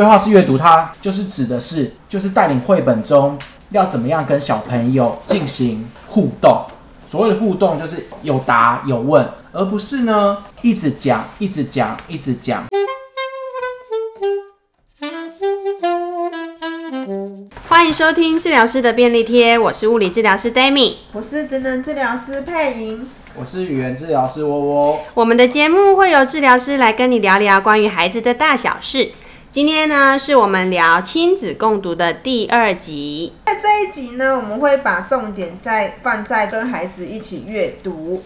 對話式閱讀，它就是指的是，就是帶領繪本中要怎麼樣跟小朋友進行互動。所謂的互動，就是有答有問，而不是呢一直講、一直講、一直講。歡迎收聽治療師的便利貼，我是物理治療師 Dammy，我是職能治療師佩瑩,我是語言治療師窩窩。我們的節目會由治療師來跟你聊聊關於孩子的大小事。今天呢，是我們聊親子共讀的第二集。在這一集呢，我們會把重點再放在跟孩子一起閱讀。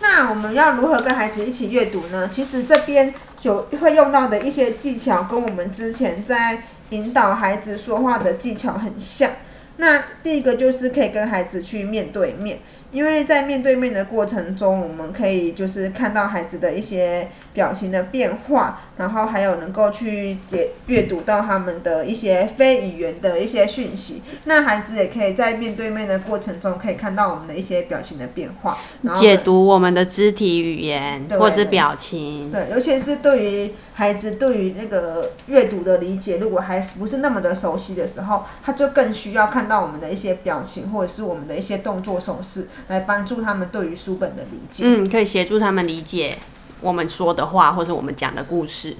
那我們要如何跟孩子一起閱讀呢？其實這邊有會用到的一些技巧，跟我們之前在引導孩子說話的技巧很像。那第一個就是可以跟孩子去面對面。因為在面對面的過程中，我們可以就是看到孩子的一些表情的變化，然後還有能夠去解閱讀到他們的一些非語言的一些訊息。那孩子也可以在面對面的過程中可以看到我們的一些表情的變化，然後解讀我們的肢體語言，對對或者表情。對，尤其是對於。孩子對於那個閱讀的理解，如果還不是那麼的熟悉的時候，他就更需要看到我們的一些表情，或者是我們的一些動作手勢，來幫助他們對於書本的理解。嗯，可以協助他們理解我們說的話，或者我們講的故事。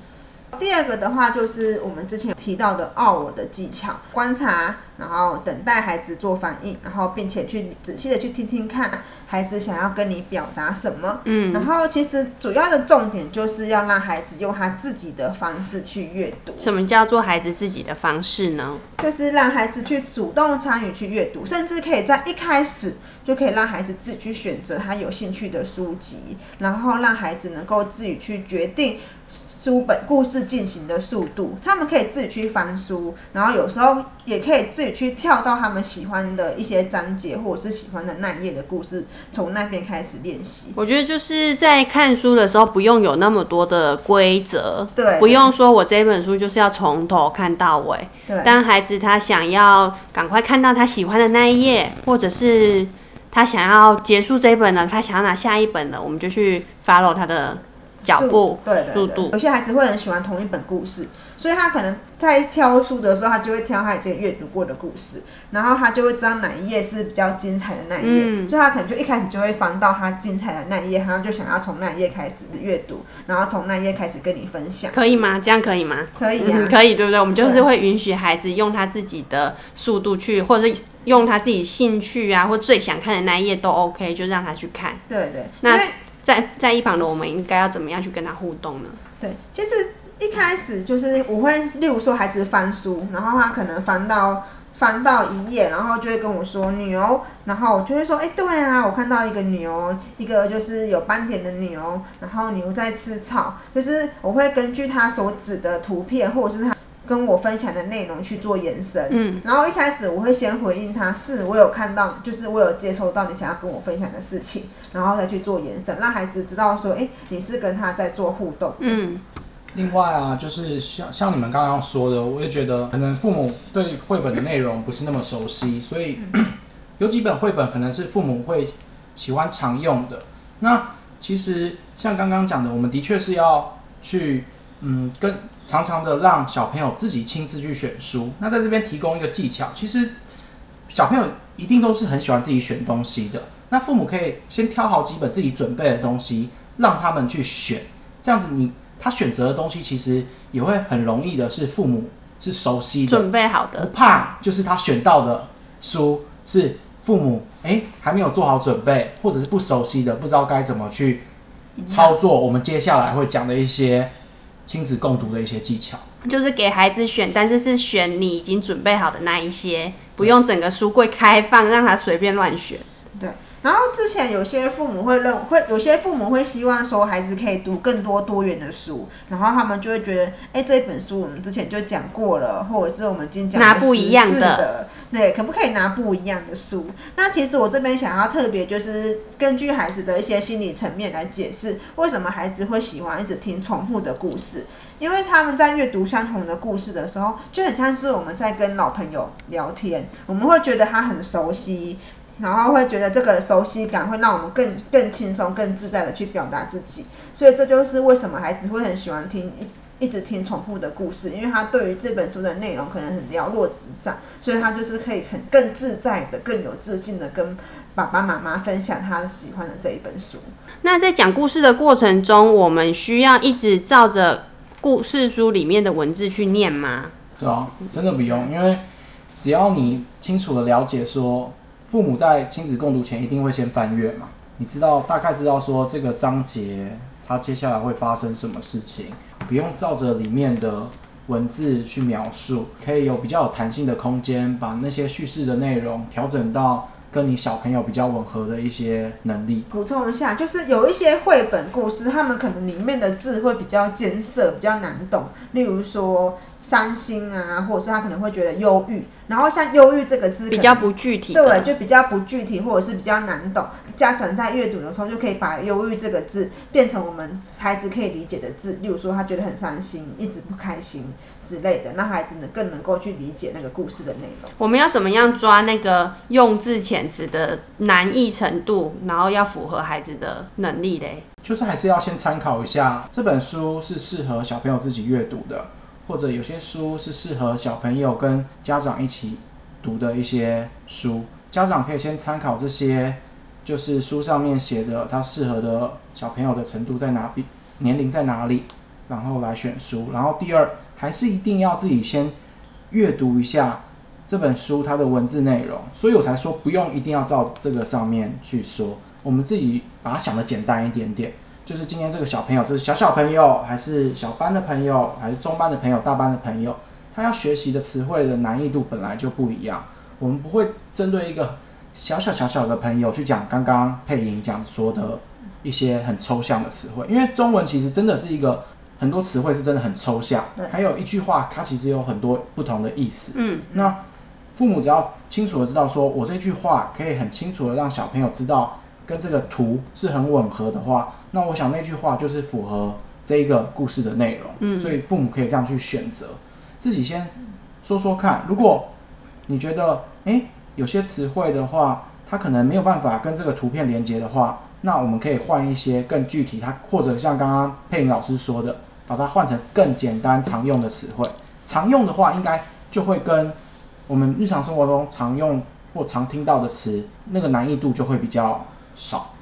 第二個的話，就是我們之前提到的 OWL 的技巧，觀察，然後等待孩子做反應，然後並且去仔細的去聽聽看孩子想要跟你表達什麼。嗯，然後其實主要的重點就是要讓孩子用他自己的方式去閱讀。什麼叫做孩子自己的方式呢？就是讓孩子去主動參與去閱讀，甚至可以在一開始就可以讓孩子自己去選擇他有興趣的書籍，然後讓孩子能夠自己去決定書本故事進行的速度，他們可以自己去翻書，然後有時候也可以自己去跳到他們喜歡的一些章節，或者是喜歡的那一頁的故事，從那邊開始練習。我覺得就是在看書的時候，不用有那麼多的規則，對，不用說我這本書就是要從頭看到尾。對，當孩子他想要趕快看到他喜歡的那一頁，或者是他想要結束這一本了，他想要拿下一本了，我們就去 follow 他的。腳步，對對對，速度。有些孩子會很喜歡同一本故事，所以他可能在挑書的時候，他就會挑他已經閱讀過的故事，然後他就會知道哪一頁是比較精彩的那一頁，嗯、所以他可能就一開始就會翻到他精彩的那一頁，然後就想要從那一頁開始閱讀，然後從那一頁開始跟你分享，可以嗎？這樣可以嗎？可以呀、啊嗯，可以，對不對？我們就是會允許孩子用他自己的速度去，或者用他自己興趣啊，或最想看的那一頁都 OK，就讓他去看。對，對對，那。在在一旁的我們應該要怎麼樣去跟他互動呢？對，其實一開始就是我會，例如說孩子翻書，然後他可能翻到翻到一頁，然後就會跟我說牛，然後我就會說，哎、欸，對啊，我看到一個牛，一個就是有斑點的牛，然後牛在吃草，就是我會根據他所指的圖片或者是他。跟我分享的內容去做延伸，嗯，然後一開始我會先回應他，是我有看到，就是我有接收到你想要跟我分享的事情，然後再去做延伸，讓孩子知道說，誒，你是跟他在做互動，嗯。另外啊，就是像像你們剛剛說的，我也覺得可能父母對繪本的內容不是那麼熟悉，所以，嗯，有幾本繪本可能是父母會喜歡常用的。那其實像剛剛講的，我們的確是要去。嗯，跟常常的讓小朋友自己親自去選書，那在這邊提供一個技巧，其實小朋友一定都是很喜歡自己選東西的。那父母可以先挑好幾本自己準備的東西，讓他們去選。這樣子你，你他選擇的東西其實也會很容易的是父母是熟悉的，準備好的，不怕就是他選到的書是父母哎、欸、還沒有做好準備，或者是不熟悉的，不知道該怎麼去操作。我們接下來會講的一些，親子共讀的一些技巧，就是給孩子選，但是是選你已經準備好的那一些，不用整個書櫃開放，讓他隨便亂選，對，對。然後之前有些父母會認，會有些父母會希望說孩子可以讀更多多元的書，然後他們就會覺得，誒，這本書我們之前就講過了，或者是我們今天講的，拿不一樣的，對，可不可以拿不一樣的書？那其實我這邊想要特別就是根據孩子的一些心理層面來解釋，為什麼孩子會喜歡一直聽重複的故事？因為他們在閱讀相同的故事的時候，就很像是我們在跟老朋友聊天，我們會覺得他很熟悉。然後會覺得這個熟悉感會讓我們更更輕鬆、更自在的去表達自己，所以這就是為什麼孩子會很喜歡聽一一直聽重複的故事，因為他對於這本書的內容可能很了若指掌，所以他就是可以很更自在的、更有自信的跟爸爸媽媽分享他喜歡的這一本書。那在講故事的過程中，我們需要一直照着故事書裡面的文字去念嗎？對啊，真的不用，因為只要你清楚的了解說，父母在親子共讀前一定會先翻閱嘛，你知道大概知道說，這個章節，它接下來會發生什麼事情，不用照着裡面的文字去描述，可以有比較有彈性的空間，把那些敘事的內容調整到跟你小朋友比較吻合的一些能力。補充一下，就是有一些繪本故事，他們可能裡面的字會比較艱澀，比較難懂，例如說。傷心啊，或者是他可能會覺得憂鬱，然後像憂鬱這個字比較不具體，對，就比較不具體，或者是比較難懂。家長在閱讀的時候就可以把憂鬱這個字變成我們孩子可以理解的字，例如說他覺得很傷心，一直不開心之類的，讓孩子呢更能夠去理解那個故事的內容。我們要怎麼樣抓那個用字遣詞的難易程度，然後要符合孩子的能力嘞？就是還是要先參考一下，這本書是適合小朋友自己閱讀的。或者有些書是適合小朋友跟家長一起讀的一些書，家長可以先參考這些，就是書上面寫的他適合的小朋友的程度在哪裡，年齡在哪裡，然後來選書。然後第二，還是一定要自己先閱讀一下這本書它的文字內容，所以我才說不用一定要照這個上面去說，我們自己把它想的簡單一點點。就是今天這個小朋友，這、就是小小朋友，還是小班的朋友，還是中班的朋友，大班的朋友，他要學習的詞彙的難易度本來就不一樣。我們不會針對一個小小小小的朋友去講剛剛配音講說的一些很抽象的詞彙，因為中文其實真的是一個很多詞彙是真的很抽象。還有一句話，它其實有很多不同的意思。嗯。那父母只要清楚的知道，說我這句話可以很清楚的讓小朋友知道。跟這個圖是很吻合的話，那我想那句話就是符合這一個故事的內容，嗯、所以父母可以這樣去選擇。自己先說說看，如果你覺得誒、欸、有些詞彙的話，它可能沒有辦法跟這個圖片連接的話，那我們可以換一些更具體它。它或者像剛剛佩玲老師說的，把它換成更簡單常用的詞彙。常用的話，應該就會跟我們日常生活中常用或常聽到的詞，那個難易度就會比較。少，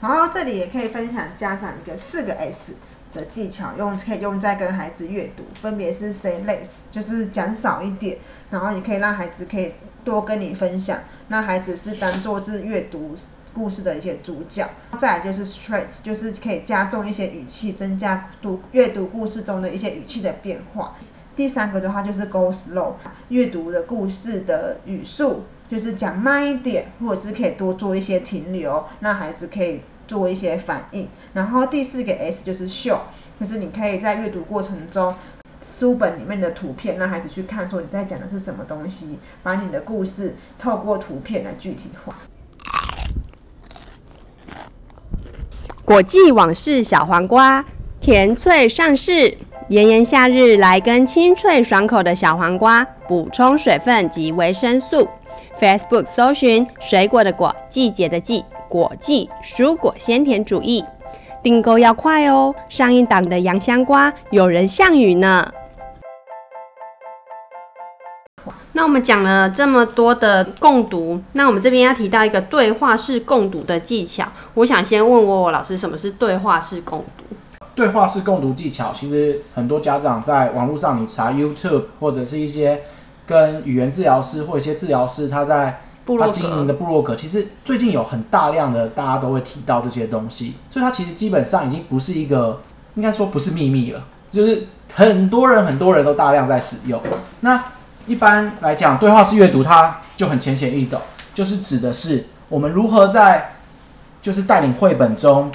然後這裡也可以分享家長一個四個 S 的技巧，用可以用在跟孩子閱讀，分別是 Say less 就是講少一點，然後你可以讓孩子可以多跟你分享，那孩子是當做是閱讀故事的一些主角。再來就是 Stress 就是可以加重一些語氣，增加讀閱讀故事中的一些語氣的變化。第三個的話就是 Go slow 閱讀的故事的語速。就是講慢一點，或者是可以多做一些停留，讓孩子可以做一些反應。然後第四個 S 就是 show，就是你可以在閱讀過程中，書本裡面的圖片，讓孩子去看，說你在講的是什麼東西，把你的故事透過圖片來具體化。國際往事小黃瓜甜脆上市，炎炎夏日來根清脆爽口的小黃瓜，補充水分及維生素。Facebook 搜尋“水果的果，季節的季，果季蔬果鮮甜主義”，訂購要快哦！上映檔的洋香瓜有人像雨呢。那我們講了這麼多的共讀，那我們這邊要提到一個對話式共讀的技巧。我想先問問我老師，什麼是對話式共讀？對話式共讀技巧，其實很多家長在網絡上，你查 YouTube 或者是一些。跟語言治療師或一些治療師，他在他經營的部落格，其實最近有很大量的大家都會提到這些東西，所以他其實基本上已經不是一個，應該說不是秘密了，就是很多人很多人都大量在使用。那一般來講，對話式閱讀它就很淺顯易懂，就是指的是我們如何在就是帶領繪本中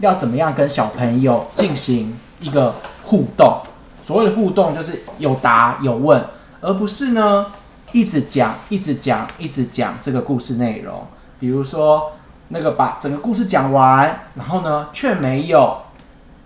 要怎麼樣跟小朋友進行一個互動，所謂的互動就是有答有問。而不是呢，一直講，一直講，一直講這個故事內容。比如說，那個把整個故事講完，然後呢，卻沒有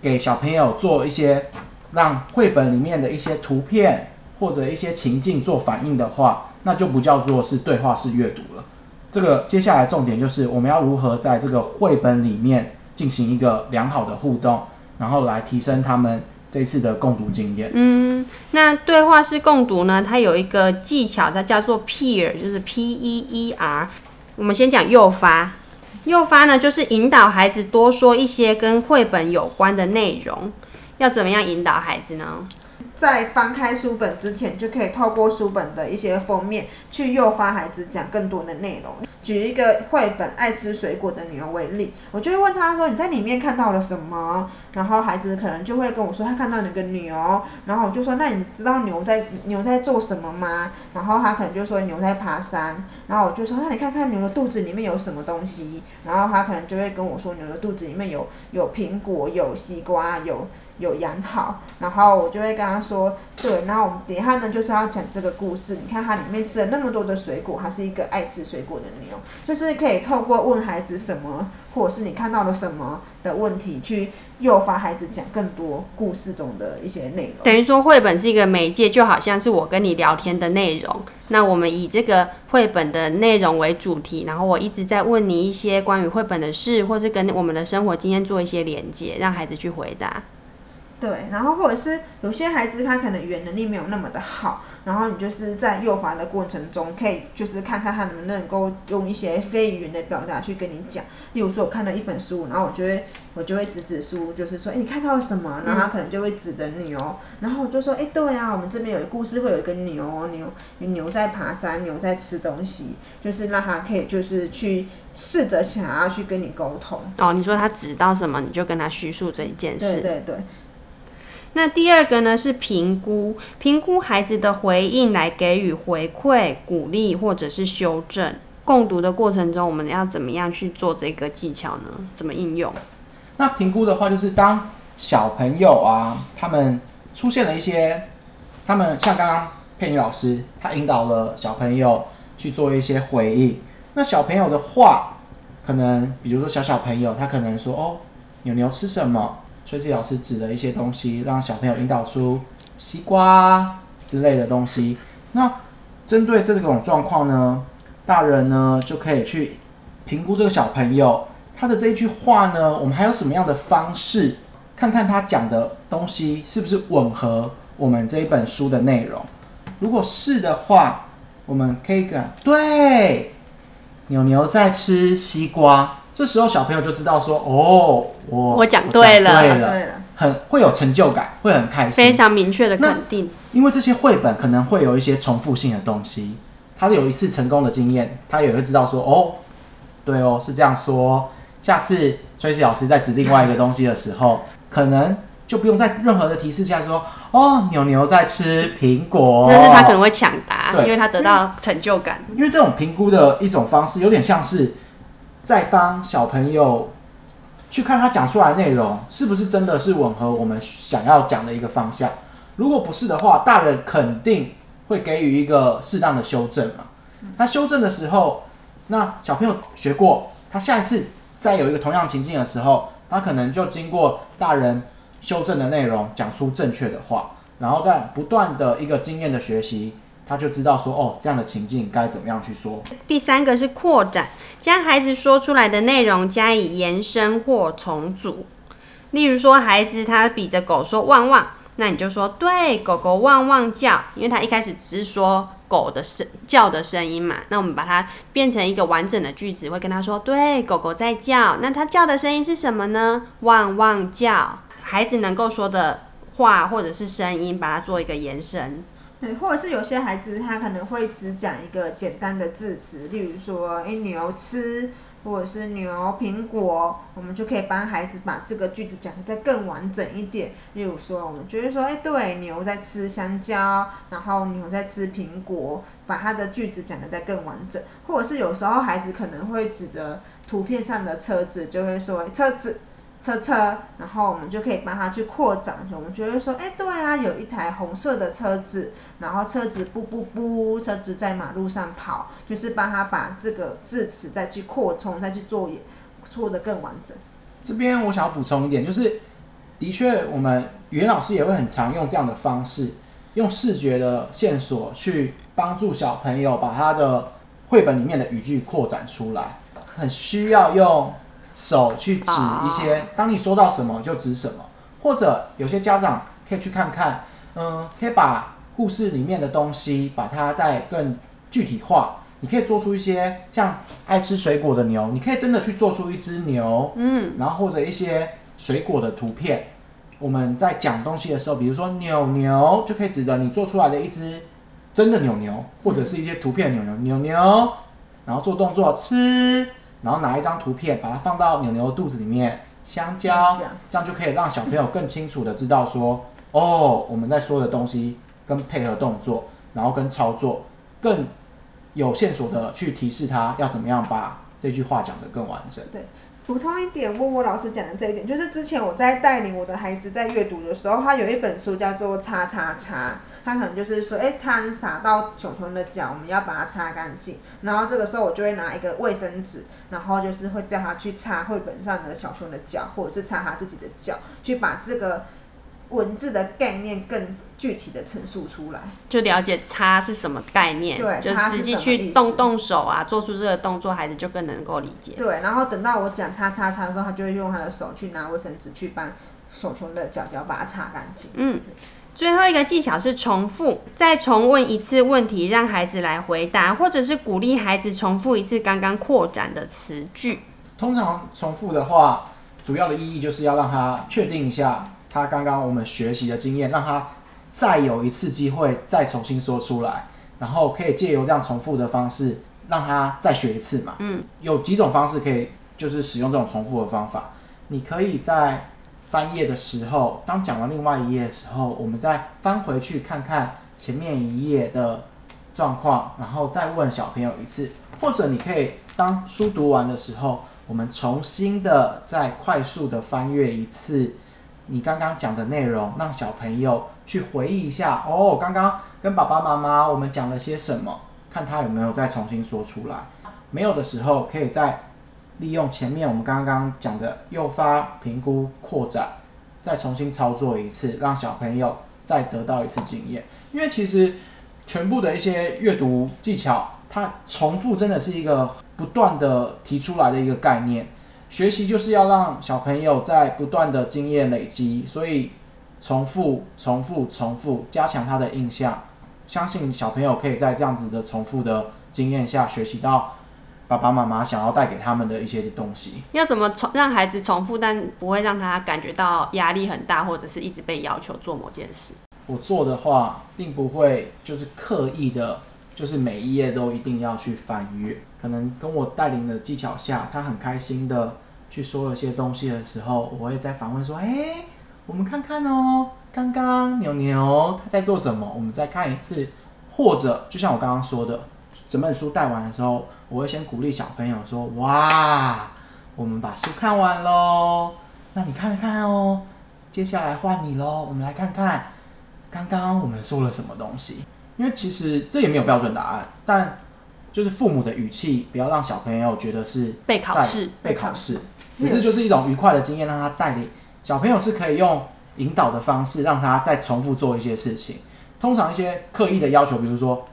給小朋友做一些讓繪本裡面的一些圖片或者一些情境做反應的話，那就不叫做是對話式閱讀了。這個接下來重點就是我們要如何在這個繪本裡面進行一個良好的互動，然後來提升他們。這一次的共讀經驗。嗯，那對話式共讀呢，它有一個技巧，它叫做 PEER，就是 P-E-E-R。E e、R，我們先講誘發。誘發呢，就是引導孩子多說一些跟繪本有關的內容。要怎麼樣引導孩子呢？在翻開書本之前，就可以透過書本的一些封面去誘發孩子講更多的內容。舉一個繪本《愛吃水果的牛》為例，我就會問他說：“你在裡面看到了什麼？”然後孩子可能就會跟我說：“他看到那個牛。”然後我就說：“那你知道牛在牛在做什麼嗎？”然後他可能就說：“牛在爬山。”然後我就說：“那你看看牛的肚子裡面有什麼東西？”然後他可能就會跟我說：“牛的肚子裡面有有蘋果，有西瓜，有。”有養好，然後我就會跟他說，對，然後我們等一下呢就是要講這個故事。你看它裡面吃了那麼多的水果，它是一個愛吃水果的牛，就是可以透過問孩子什麼，或者是你看到了什麼的問題，去誘發孩子講更多故事中的一些內容。等於說，繪本是一個媒介，就好像是我跟你聊天的內容。那我們以這個繪本的內容為主題，然後我一直在問你一些關於繪本的事，或是跟我們的生活經驗做一些連接，讓孩子去回答。對，然後或者是有些孩子他可能語言能力沒有那麼的好，然後你就是在誘發的過程中，可以就是看看他能不能夠用一些非語言的表達去跟你講。例如說，我看到一本書，然後我就會，我就會指指書，就是說，誒你看到了什麼？然後他可能就會指着你哦，然後我就說，哎，對啊，我們這邊有一個故事，會有一個牛牛你牛在爬山，牛在吃東西，就是讓他可以就是去試着想要去跟你溝通。哦，你說他指到什麼，你就跟他敘述這一件事。對對對。對對那第二個呢是評估，評估孩子的回應來給予回饋、鼓勵或者是修正。共讀的過程中，我們要怎麼樣去做這個技巧呢？怎麼應用？那評估的話，就是當小朋友啊，他們出現了一些，他們像剛剛佩妮老師，她引導了小朋友去做一些回應。那小朋友的話，可能比如說小小朋友，他可能說：“哦，牛牛吃什麼？”所以老師指的一些東西，讓小朋友引導出西瓜之類的東西。那針對這種狀況呢，大人呢就可以去評估這個小朋友他的這一句話呢。我們還有什麼樣的方式，看看他講的東西是不是吻合我們這一本書的內容？如果是的話，我們可以講：對，牛牛在吃西瓜。這時候小朋友就知道說：“哦，我我講對了，對了，很會有成就感，會很開心，非常明確的肯定。因為這些繪本可能會有一些重複性的東西，他有一次成功的經驗，他也會知道說：‘哦，對哦，是這樣說。’下次崔老師再指另外一個東西的時候， 可能就不用在任何的提示下說：‘哦，牛牛在吃蘋果。’但是他可能會搶答，對因為他得到成就感。因為這種評估的一種方式，有點像是……再幫小朋友去看他講出來的內容是不是真的是吻合我們想要講的一個方向，如果不是的話，大人肯定會給予一個適當的修正嘛。他修正的時候，那小朋友學過，他下一次再有一個同樣情境的時候，他可能就經過大人修正的內容講出正確的話，然後再不斷的一個經驗的學習。他就知道說哦，這樣的情境該怎麼樣去說。第三個是擴展，將孩子說出來的內容加以延伸或重組。例如說，孩子他比着狗說汪汪，那你就說對，狗狗汪汪叫，因為他一開始只是說狗的聲叫的聲音嘛。那我們把它變成一個完整的句子，會跟他說對，狗狗在叫。那他叫的聲音是什麼呢？汪汪叫。孩子能夠說的話或者是聲音，把它做一個延伸。對，或者是有些孩子他可能會只講一個簡單的字詞，例如說“欸牛吃”或者是“牛蘋果”，我們就可以幫孩子把這個句子講得再更完整一點。例如說，我們就會說，欸對，牛在吃香蕉，然後牛在吃蘋果，把他的句子講得再更完整。或者是有時候孩子可能會指着圖片上的車子就會說：“車子。”車車，然後我們就可以幫他去擴展。我們覺得說，哎、欸，對啊，有一台紅色的車子，然後車子噗噗噗，車子在馬路上跑，就是幫他把這個字詞再去擴充，再去做也，做得更完整。這邊我想要補充一點，就是的確，我們袁老師也會很常用這樣的方式，用視覺的線索去幫助小朋友把他的繪本裡面的語句擴展出來，很需要用。手去指一些，oh. 當你說到什麼就指什麼，或者有些家長可以去看看，嗯，可以把故事裡面的東西把它再更具體化。你可以做出一些像愛吃水果的牛，你可以真的去做出一隻牛，嗯，然後或者一些水果的圖片。我們在講東西的時候，比如說牛牛就可以指著你做出來的一隻真的牛牛，或者是一些圖片牛牛、嗯、牛牛，然後做動作吃。然後拿一張圖片，把它放到牛牛肚子裡面，香蕉，香蕉這樣就可以讓小朋友更清楚的知道說，哦，我們在說的東西跟配合動作，然後跟操作，更有線索的去提示他要怎麼樣把這句話講得更完整。對。普通一點，窩窩老師講的這一點，就是之前我在帶領我的孩子在閱讀的時候，他有一本書叫做“擦擦擦”，他可能就是說，誒、欸，他灑到小熊的腳，我們要把它擦乾淨。然後這個時候，我就會拿一個衛生紙，然後就是會叫他去擦繪本上的小熊的腳，或者是擦他自己的腳，去把這個。文字的概念更具體的陳述出來，就了解擦是什麼概念，對就實際去動動手啊，做出這個動作，孩子就更能夠理解。對，然後等到我講擦擦擦的時候，他就會用他的手去拿衛生紙去幫手熊的腳腳把它擦乾淨。嗯，最後一個技巧是重複，再重問一次問題，讓孩子來回答，或者是鼓勵孩子重複一次剛剛擴展的詞句。通常重複的話，主要的意義就是要讓他確定一下。他剛剛我們學習的經驗，讓他再有一次機會再重新說出來，然後可以借由這樣重複的方式，讓他再學一次嘛。嗯，有幾種方式可以，就是使用這種重複的方法。你可以在翻頁的時候，當講完另外一頁的時候，我們再翻回去看看前面一頁的狀況，然後再問小朋友一次。或者你可以當書讀完的時候，我們重新的再快速的翻閱一次，你剛剛講的內容，讓小朋友去回憶一下哦。剛剛跟爸爸媽媽我們講了些什麼？看他有沒有再重新說出來。沒有的時候，可以再利用前面我們剛剛講的誘發、評估、擴展，再重新操作一次，讓小朋友再得到一次經驗。因為其實全部的一些閱讀技巧，它重複真的是一個不斷的提出來的一個概念。學習就是要讓小朋友在不斷的經驗累積，所以重複、重複、重複，重複加強他的印象。相信小朋友可以在這樣子的重複的經驗下，學習到爸爸媽媽想要帶給他們的一些的東西。要怎麼重讓孩子重複，但不會讓他感覺到壓力很大，或者是一直被要求做某件事？我做的話，並不會就是刻意的。就是每一頁都一定要去翻閱，可能跟我帶領的技巧下，他很開心的去說了些東西的時候，我會再反問說：“誒、欸，我們看看哦、喔，剛剛牛牛他在做什麼？我們再看一次。”或者就像我剛剛說的，整本書帶完的時候，我會先鼓勵小朋友說：“哇，我們把書看完嘍，那你看看哦、喔，接下來換你嘍，我們來看看剛剛我們說了什麼東西。”因為其實這也沒有標準答案，但就是父母的語氣不要讓小朋友覺得是被考試、被考試，只是就是一種愉快的經驗讓他帶領。小朋友是可以用引導的方式讓他再重複做一些事情。通常一些刻意的要求，比如說，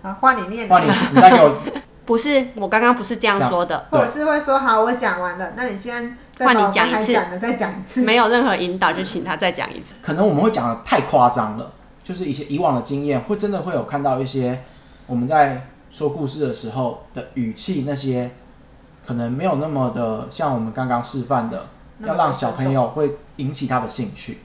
啊，換你念，換你，你再給我， 不是，我剛剛不是這樣說的，或者是會說，好，我講完了，那你現在換你講一次，還講的再講一次，沒有任何引導，就請他再講一次、嗯。可能我們會講得太誇張了。就是一些以往的經驗，會真的會有看到一些我們在說故事的時候的語氣，那些可能沒有那麼的像我們剛剛示範的，要讓小朋友會引起他的興趣。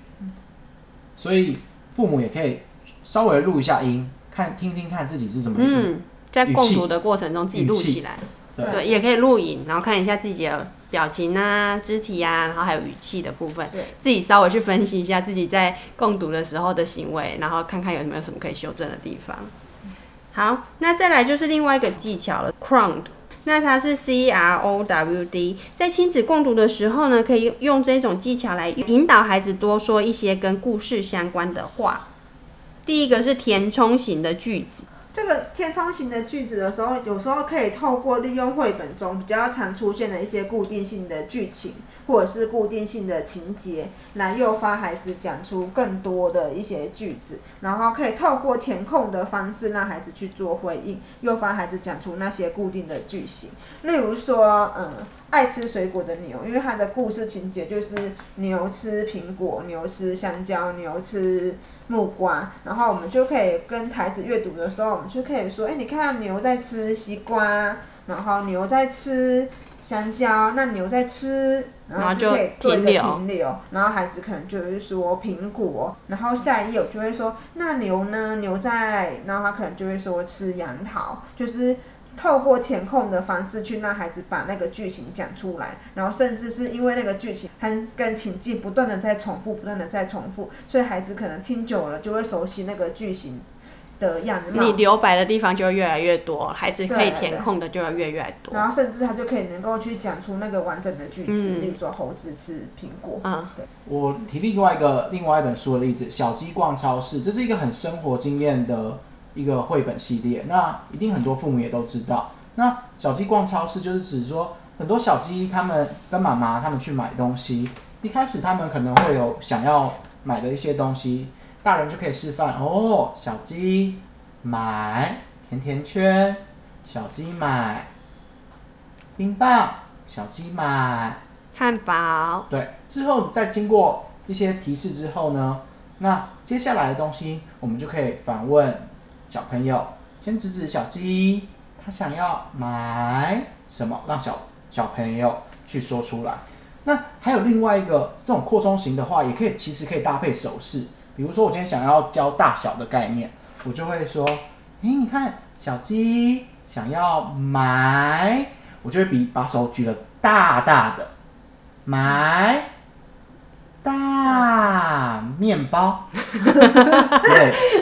所以父母也可以稍微錄一下音，看聽聽看自己是怎麼、嗯、在共讀的過程中自己錄起來。對，對也可以錄影，然後看一下自己的表情啊、肢體啊，然後還有語氣的部分，對自己稍微去分析一下自己在共讀的時候的行為，然後看看有沒有什麼可以修正的地方。嗯、好，那再來就是另外一個技巧了，Crowd。Crowned，那它是 C R O W D，在親子共讀的時候呢，可以用這種技巧來引導孩子多說一些跟故事相關的話。第一個是填充型的句子。這個填充型的句子的時候，有時候可以透過利用繪本中比較常出現的一些固定性的劇情或者是固定性的情節，來誘發孩子講出更多的一些句子，然後可以透過填空的方式讓孩子去做回應，誘發孩子講出那些固定的句型。例如說，嗯，愛吃水果的牛，因為它的故事情節就是牛吃蘋果，牛吃香蕉，牛吃木瓜，然後我們就可以跟孩子閱讀的時候，我們就可以說：哎，你看牛在吃西瓜，然後牛在吃香蕉，那牛在吃，然後就可以做一個停留，然後，停留，然後孩子可能就是說蘋果，然後下一頁我就會說那牛呢，牛在，然後他可能就會說吃楊桃，就是。透過填空的方式去讓孩子把那個句型講出來，然後甚至是因為那個句型很跟情境不斷的在重複，不斷的在重複，所以孩子可能聽久了就會熟悉那個句型的樣子。你留白的地方就會越來越多，孩子可以填空的就會越來越多。對對對，然後甚至他就可以能夠去講出那個完整的句子，嗯、例如說猴子吃蘋果。啊、嗯，對。我提另外一個另外一本書的例子：小雞逛超市，這是一個很生活經驗的一個繪本系列，那一定很多父母也都知道。那小雞逛超市就是指說，很多小雞他們跟媽媽他們去買東西，一開始他們可能會有想要買的一些東西，大人就可以示範哦，小雞買甜甜圈，小雞買冰棒，小雞買漢堡。對，之後再經過一些提示之後呢，那接下來的東西我們就可以反問。小朋友先指指小雞，他想要買什麼？讓小小朋友去說出來。那還有另外一個這種擴充型的話，也可以其實可以搭配手勢。比如說我今天想要教大小的概念，我就會說：“誒、欸、你看小雞想要買，我就會比把手舉得大大的，買大麵包。 ”哈哈哈哈哈。之類。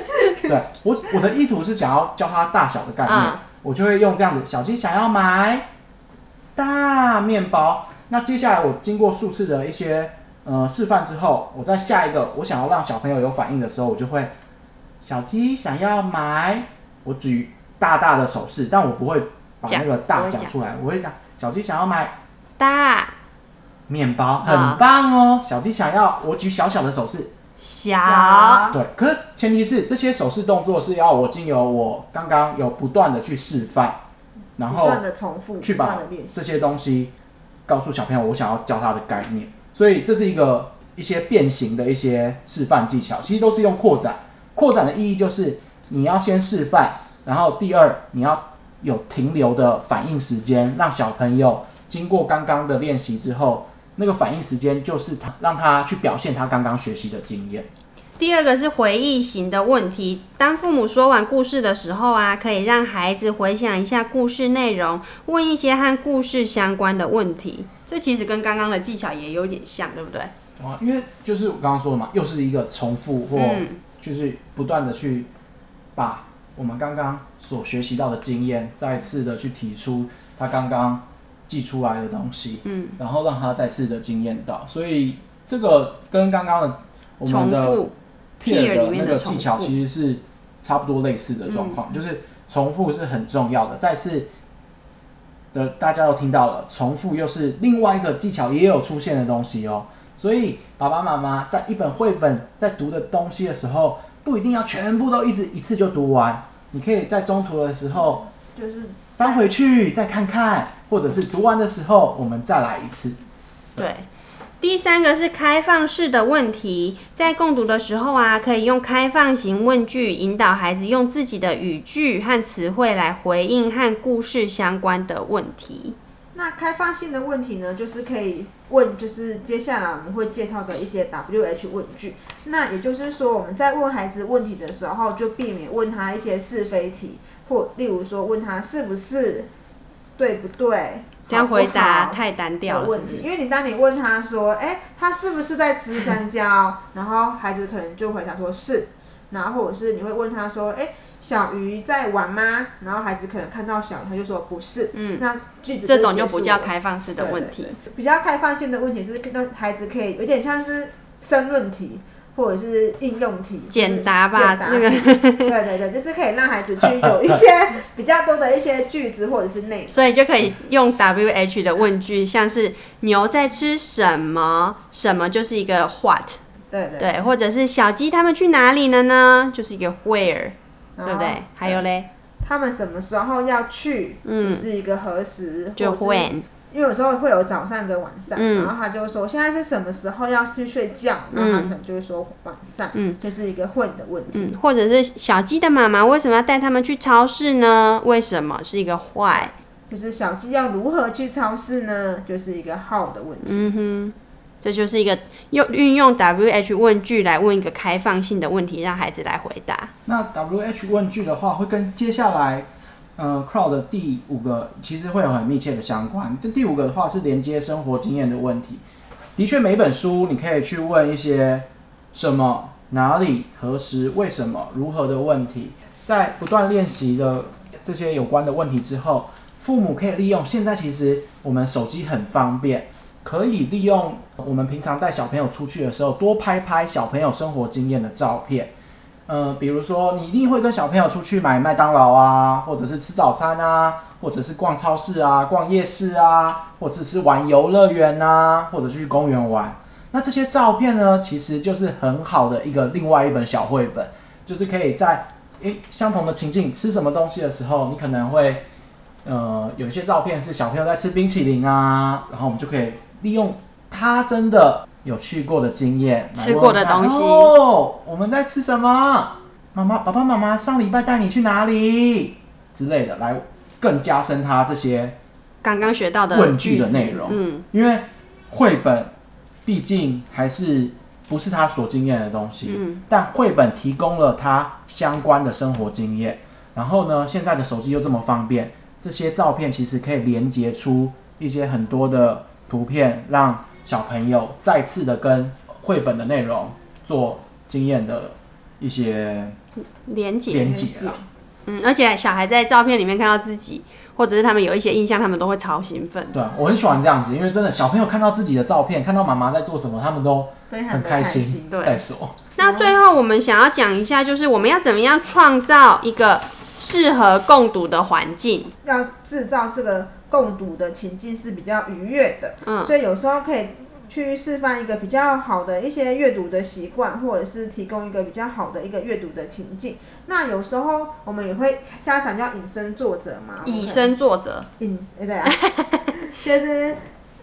對我我的意圖是想要教他大小的概念，哦、我就會用這樣子：小雞想要買大面包。那接下來我經過數次的一些呃示範之後，我在下一個我想要讓小朋友有反應的時候，我就會小雞想要買，我舉大大的手勢，但我不會把那個大講出來，想我會講小雞想要買大面包，哦、很棒哦！小雞想要我舉小小的手勢。小，俠對，可是前提是這些手勢動作是要我經由我剛剛有不斷的去示範，然後不斷的重複去把這些東西告訴小朋友，我想要教他的概念。所以這是一個一些變形的一些示範技巧，其實都是用擴展。擴展的意義就是你要先示範，然後第二你要有停留的反應時間，讓小朋友經過剛剛的練習之後。那個反應時間就是他讓他去表現他剛剛學習的經驗。第二個是回憶型的問題，當父母說完故事的時候啊，可以讓孩子回想一下故事內容，問一些和故事相關的問題。這其實跟剛剛的技巧也有點像，對不對？啊，因為就是我剛剛說的嘛，又是一個重複，或就是不斷的去把我們剛剛所學習到的經驗再次的去提出他剛剛。寄出來的東西，嗯，然後讓他再次的驚豔到，所以這個跟剛剛的我們的片、er、的那個技巧其實是差不多類似的狀況，嗯、就是重複是很重要的，再次的大家都聽到了，重複又是另外一個技巧，也有出現的東西哦，所以爸爸媽媽在一本繪本在讀的東西的時候，不一定要全部都一直一次就讀完，你可以在中途的時候就是。翻回去再看看，或者是讀完的時候，我們再來一次。對，第三個是開放式的問題，在共讀的時候啊，可以用開放型問句引導孩子用自己的語句和詞彙來回應和故事相關的問題。那開放性的問題呢，就是可以問，就是接下來我們會介紹的一些 WH 問句。那也就是說，我們在問孩子問題的時候，就避免問他一些是非題。或例如說問他是不是對不對，他回答好不好太單調的問題。因為你當你問他說，哎、欸，他是不是在吃香蕉？ 然後孩子可能就回答說是。然後或者是你會問他說，哎、欸，小魚在玩嗎？然後孩子可能看到小魚，他就說不是。嗯，那句子這種就不叫開放式的問題。對對對比較開放性的問題是，那孩子可以有點像是申論題。或者是應用題，簡答吧，答那個，對對對， 就是可以讓孩子去有一些比較多的一些句子或者是內容，所以就可以用 W H 的問句，嗯、像是牛在吃什麼，什麼就是一個 What，對對對，對，或者是小雞他們去哪裡了呢，就是一個 Where，、哦、對不對？嗯、還有嘞，他們什麼時候要去，嗯，是一個何時，嗯、就 When。因為有時候會有早上跟晚上，嗯、然後他就說現在是什麼時候要去睡覺，然後他可能就會說晚上，嗯、就是一個 When 的問題。嗯、或者是小雞的媽媽為什麼要帶他們去超市呢？為什麼是一個 Why？就是小雞要如何去超市呢？就是一個 How 的問題。嗯、哼，這就是一個用運用 W H 問句來問一個開放性的問題，讓孩子來回答。那 W H 問句的話，會跟接下來。嗯，CROWD 的第五個其實會有很密切的相關。這第五個的話是連接生活經驗的問題。的確，每本書你可以去問一些什麼、哪裡、何時、為什麼、如何的問題。在不斷練習的這些有關的問題之後，父母可以利用現在其實我們手機很方便，可以利用我們平常帶小朋友出去的時候多拍拍小朋友生活經驗的照片。嗯、呃，比如說，你一定會跟小朋友出去買麥當勞啊，或者是吃早餐啊，或者是逛超市啊、逛夜市啊，或者是玩遊樂園啊，或者是去公園玩。那這些照片呢，其實就是很好的一個另外一本小繪本，就是可以在誒相同的情境吃什麼東西的時候，你可能會呃有一些照片是小朋友在吃冰淇淋啊，然後我們就可以利用它真的。有去過的經驗，問問吃過的東西。哦，我們在吃什麼？媽媽，爸爸媽媽上禮拜帶你去哪裡？之類的，來更加深他這些剛剛學到的問句的內容。嗯，因為繪本畢竟還是不是他所經驗的東西，嗯，但繪本提供了他相關的生活經驗。然後呢，現在的手機又這麼方便，這些照片其實可以連接出一些很多的圖片，讓小朋友再次的跟繪本的內容做經驗的一些連接、連接、連結，嗯，而且小孩在照片裡面看到自己，或者是他們有一些印象，他們都會超興奮。對，我很喜歡這樣子，嗯，因為真的小朋友看到自己的照片，看到媽媽在做什麼，他們都很開心，在對開心。對，在說 那最後我們想要講一下，就是我們要怎麼樣創造一個適合共讀的環境，要制造這個。共讀的情境是比較愉悅的，嗯、所以有時候可以去示範一個比較好的一些閱讀的習慣，或者是提供一個比較好的一個閱讀的情境。那有時候我們也會家長要以身作則嘛，okay. 以身作則，以、對啊， 就是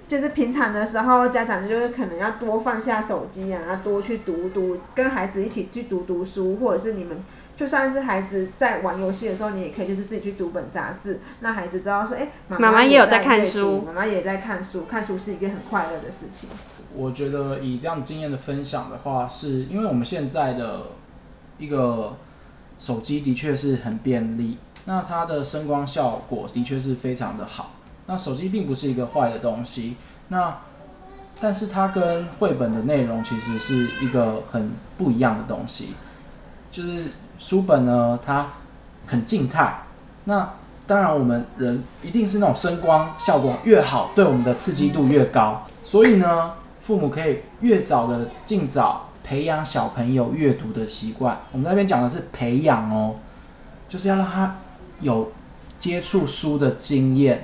就是平常的時候，家長就是可能要多放下手機啊，多去讀讀，跟孩子一起去讀讀書，或者是你們。就算是孩子在玩遊戲的時候，你也可以就是自己去讀本雜誌，那孩子知道說，哎、欸，媽媽也，也有在看書，媽媽也在看書，看書是一個很快樂的事情。我覺得以這樣經驗的分享的話，是因為我們現在的一個手機的確是很便利，那它的聲光效果的確是非常的好。那手機並不是一個壞的東西，那但是它跟繪本的內容其實是一個很不一樣的東西，就是。書本呢，它很靜態。那當然，我們人一定是那種聲光效果越好，對我們的刺激度越高。所以呢，父母可以越早的盡早培養小朋友閱讀的習慣。我們那邊講的是培養哦，就是要讓他有接觸書的經驗，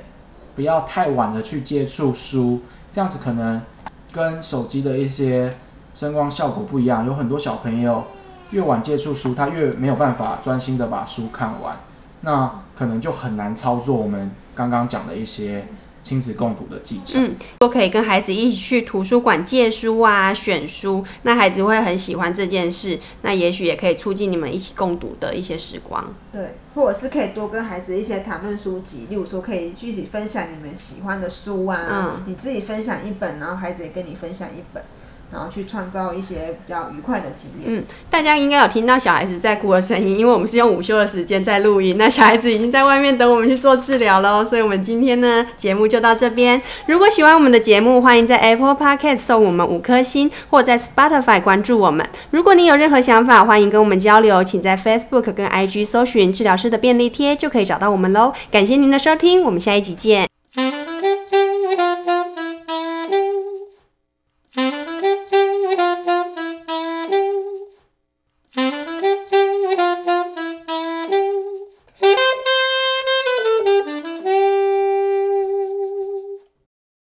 不要太晚的去接觸書，這樣子可能跟手機的一些聲光效果不一樣。有很多小朋友。越晚接觸書，書，他越沒有辦法專心的把書看完，那可能就很難操作我們剛剛講的一些親子共讀的技巧。嗯，都可以跟孩子一起去圖書館借書啊，選書，那孩子會很喜歡這件事。那也許也可以促進你們一起共讀的一些時光。對，或者是可以多跟孩子一些談論書籍，例如說可以具體分享你們喜歡的書啊，嗯、你自己分享一本，然後孩子也跟你分享一本。然後去創造一些比較愉快的經驗。嗯，大家應該有聽到小孩子在哭的聲音，因為我們是用午休的時間在錄音。那小孩子已經在外面等我們去做治療了，所以我們今天呢節目就到這邊。如果喜歡我們的節目，歡迎在 Apple Podcast 送我們五顆星，或在 Spotify 關注我們。如果你有任何想法，歡迎跟我們交流，請在 Facebook 跟 IG 搜尋治療師的便利貼就可以找到我們嘍。感謝您的收聽，我們下一集見。